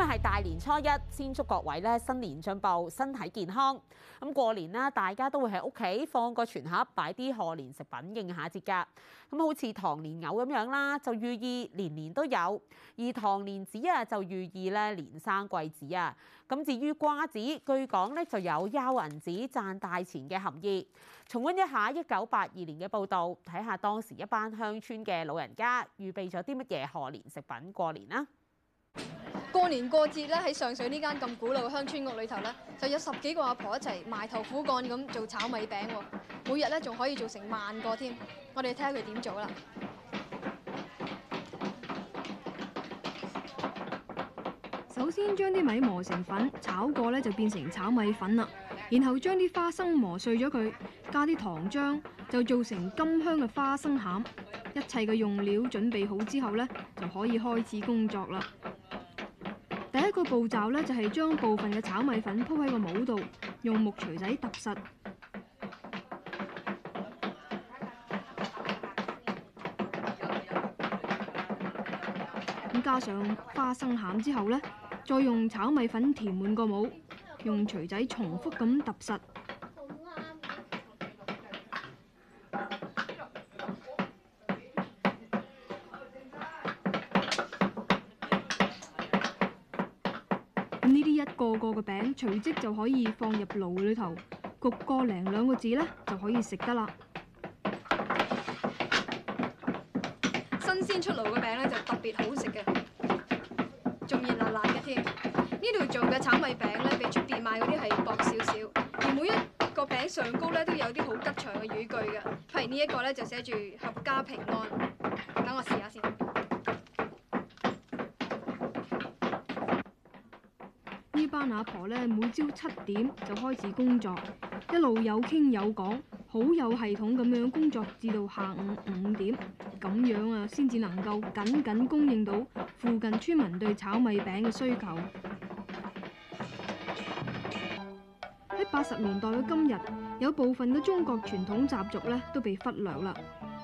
咁係大年初一，先祝各位咧新年進步，身體健康。咁過年咧，大家都會喺屋企放個全盒，擺啲賀年食品應下節噶。咁好似糖蓮藕咁樣啦，就寓意年年都有；而糖蓮子啊，就寓意咧年生貴子啊。咁至於瓜子，據講咧就有撈銀子、賺大錢嘅含義。重溫一下一九八二年嘅報導，睇下當時一班鄉村嘅老人家預備咗啲乜嘢賀年食品過年啦。過年過節咧，喺上水呢間咁古老嘅鄉村屋裏頭咧，就有十幾個阿婆一齊埋頭苦幹咁做炒米餅喎。每日咧仲可以做成萬個添。我哋睇下佢點做啦。首先將啲米磨成粉，炒過咧就變成炒米粉啦。然後將啲花生磨碎咗佢，加啲糖漿，就做成甘香嘅花生餡。一切嘅用料準備好之後咧，就可以開始工作啦。第一個步驟呢，就係將部分嘅炒米粉鋪喺個帽度，用木錘仔揼實。咁加上花生餡之後呢，再用炒米粉填滿個帽，用錘仔重複咁揼實。呢啲一個個嘅餅，隨即就可以放入爐裏頭，焗個零兩個字呢就可以食得啦。新鮮出爐嘅餅呢，就特別好食嘅，仲熱辣辣嘅添。呢度做嘅炒米餅呢，比出邊買嗰啲係薄少少，而每一個餅上高呢，都有啲好吉祥嘅語句嘅，譬如呢一個呢，就寫住合家平安。等我試下先。阿婆咧，每朝七點就開始工作，一路有傾有講，好有系統咁樣工作，至到下午五點，咁樣啊，先至能夠僅僅供應到附近村民對炒米餅嘅需求。喺八十年代嘅今日，有部分嘅中國傳統習俗咧都被忽略啦，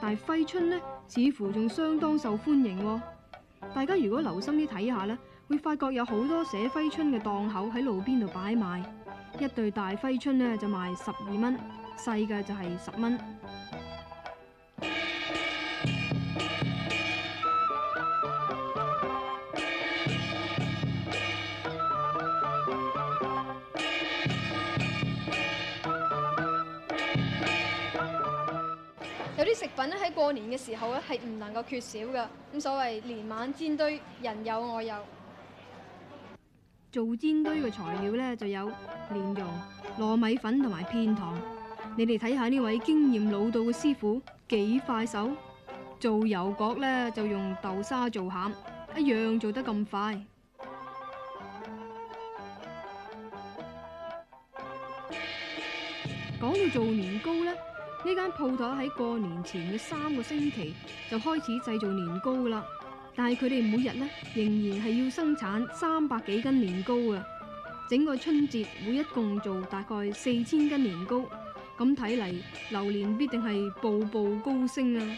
但係揮春呢，似乎仲相當受歡迎。大家如果留心啲睇下呢。會發覺有好多寫揮春嘅檔口喺路邊度擺賣，一對大揮春呢，就賣十二蚊，細嘅就係十蚊。有啲食品咧喺過年嘅時候咧係唔能夠缺少嘅，咁所謂年晚煎堆，人有我有。做煎堆嘅材料呢，就有蓮蓉、糯米粉同埋片糖。你哋睇下呢位經驗老道嘅師傅幾快手。做油角呢，就用豆沙做餡，一樣做得咁快。講到做年糕呢，呢間鋪頭喺過年前嘅三個星期就開始製造年糕㗎啦。但係佢哋每日咧，仍然係要生產三百幾斤年糕啊。整個春節會一共做大概四千斤年糕。咁睇嚟，流年必定係步步高升啊！